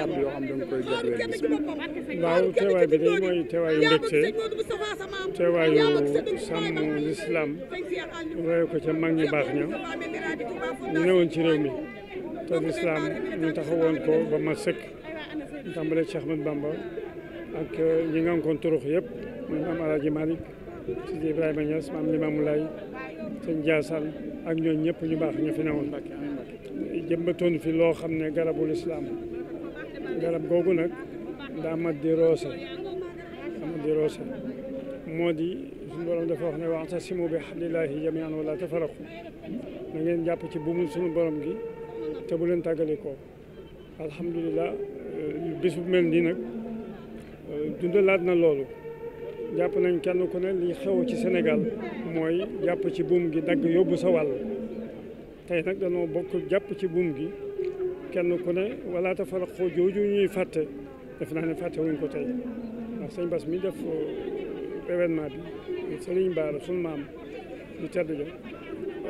kàddu yoo xam danga koy jagleel waaw teewaay bi day mooy teewaayu mbégte teewaayu sàmm lislaam roye ko ca mag ñu baax ña ñu newoon ci réew mi te lislaam ñu taxawoon ko ba ma sëkk tàmbale Cheikh Ahmed Bamba ak euh, ñi nga ngi koon turux yëpp muy maam Alaaji Malick Sidi Ibrahima Niass maam Limaamu Laay sëñ Jaasaan ak ñooñ ñëpp ñu baax ña fi newoon jëmbatoon fi loo xam ne garabu lislaam garab googu nag daa mat di roose di roose moo di suñu borom dafa wax ne wa'tasimu bi hablillahi jami'an wala tafarraqu na ngeen jàpp ci buumu suñu borom gi te bu leen tàggale ko alhamdulilah euh, bis bu mel nii nag euh, dundalaat na loolu jàpp nañ kenn ku ne li xew ci senegal mooy jàpp ci buum gi dagg yóbbu sa wàll tey nag danoo bokkul jàpp ci buum gi kenn ku ne wala tafaraqu jooju ñuy fàtte def naa ne fàtte ko tey ndax sëñ Bass mi def uh, événement bi Sëriñ Baara sunu maam di tedd ja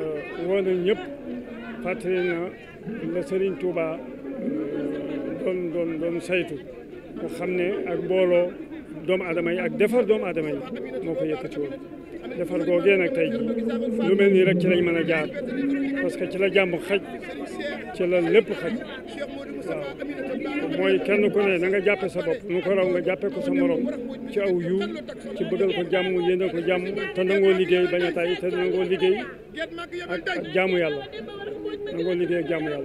uh, woo na ñëpp fàttali na la Sëriñ Touba uh, doon doon saytu mu xam ne ak booloo doomu aadama yi ak defar doomu aadama moo ko yëkkati woon defar googee nag tey lu mel nii rek ci lañ mën a jaar parce que ci la jàmm xaj ci la lépp xaj waaw mooy kenn ku ne na nga jàppe sa bopp nu ko raw nga jàppe ko sa morom ci aw yu ci bëggal ko jàmm yéene ko jàmm te nangoo liggéey bañ a tay nangoo liggéey ak ak yàlla nangoo liggéey ak jaamu yàlla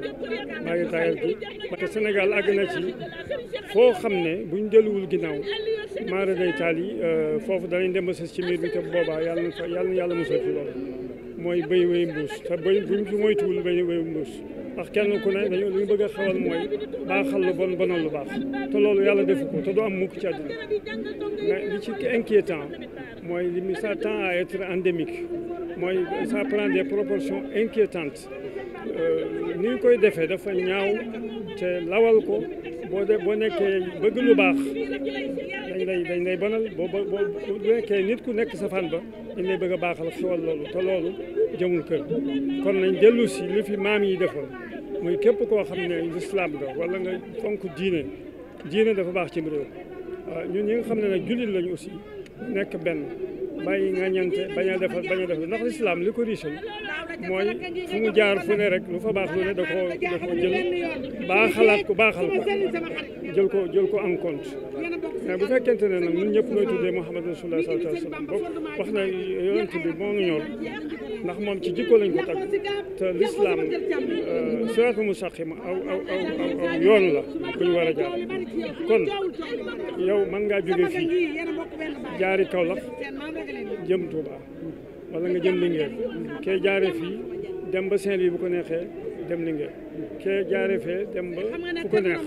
maa ngi tayal ki parce que Sénégal àgg na ci foo xam ne buñ delluwul ginnaaw maara day taal yi euh, foofu danañ dem ba sës ci miir bi te boobaa yàlla na fa yàlla na yàlla musal ci loolu mooy béy wéy mbuus te béy buñ ci moytuwul béy wéy mbuus ndax kenn ku ne dañu lu ñu bëgg a xewal mooy baaxal lu bon bonal lu baax te loolu yàlla defu ko te du am mukk ci àddina mooy li mi ça tend à être endémique mooy ça prend des proportions inquiétantes euh, ni koy defee dafa ñaaw te lawal ko boo de boo nekkee bëgg lu baax lay dañ lay bonal boo boo bu nekkee nit ku nekk sa fan ba dañ lay bëgg a baaxal xewal loolu te loolu jëmul kër kon nañ dellu si fi maam yi defoon muy képp koo xam ne lislaam nga wala nga fonk diine diine dafa baax ci réew ñu ñun ñi xam ne nag jullit lañu aussi nekk benn bàyyi nga ñante bañ a defal bañ a defal ndax lislaam li ko riisal mooy fu mu jaar fu ne rek lu fa baax lu ne da koo da koo jël baaxalaat ko baaxal ko jël ko jël ko en compte mais bu fekkente ne nag ñun ñëpp nooy tuddee Muhammad Rasulullah sallallahu alayhi wa sallam boobu wax na yonent bi moo ngi ñool ndax moom ci jikko lañ ko tag te l'islam euh, siraatul mustaqim aw aw aw aw yoon la bu war a jaar kon yow man ngaa jóge fii jaari Kaolack jëm Touba wala nga jëm Linguère kay jaare fii dem ba Saint-Louis bu ko neexee dem li ngeen kee jaare fee dem ba fu ko neex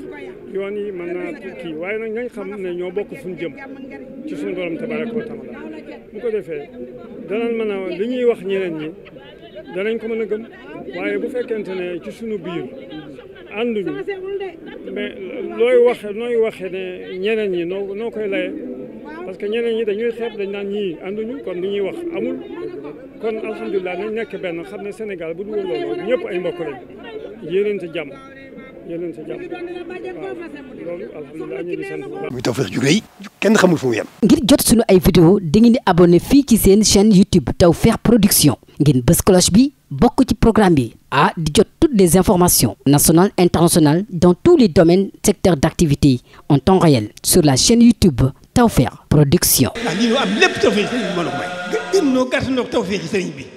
yoon yi mën naa kii waaye nag nañ xam ne ñoo bokk fu ñu jëm ci suñu borom tabaraka wa taala bu ko defee danañ mën a li ñuy wax ñeneen ñi danañ ko mën a gëm waaye bu fekkente ne ci suñu biir ànduñu mais looy waxe nooy waxe ne ñeneen ñi noo koy laye parce que ñeneen ñi dañuy xeeb dañ naan ñii ànduñu kon li ñuy wax amul kon alhamdulilah nañ nekk benn xam ne Sénégal bu dul loolu ñëpp ay mbokk lañ ñu ngi kenn xamul fu mu ngir jot suñu ay vidéo dangeen di abonné fii ci seen chaîne YouTube Tawfekh Production ngeen bës cloche bi bokk ci programme bi ah di jot toutes les informations nationales internationales dans tous les domaines secteurs d'activité en temps réel sur la chaîne YouTube. Tawfekh Production. Ah, am lépp tawfeex sëriñ bi mën a may. gën noo gàtt noo tawfeex sëriñ bi.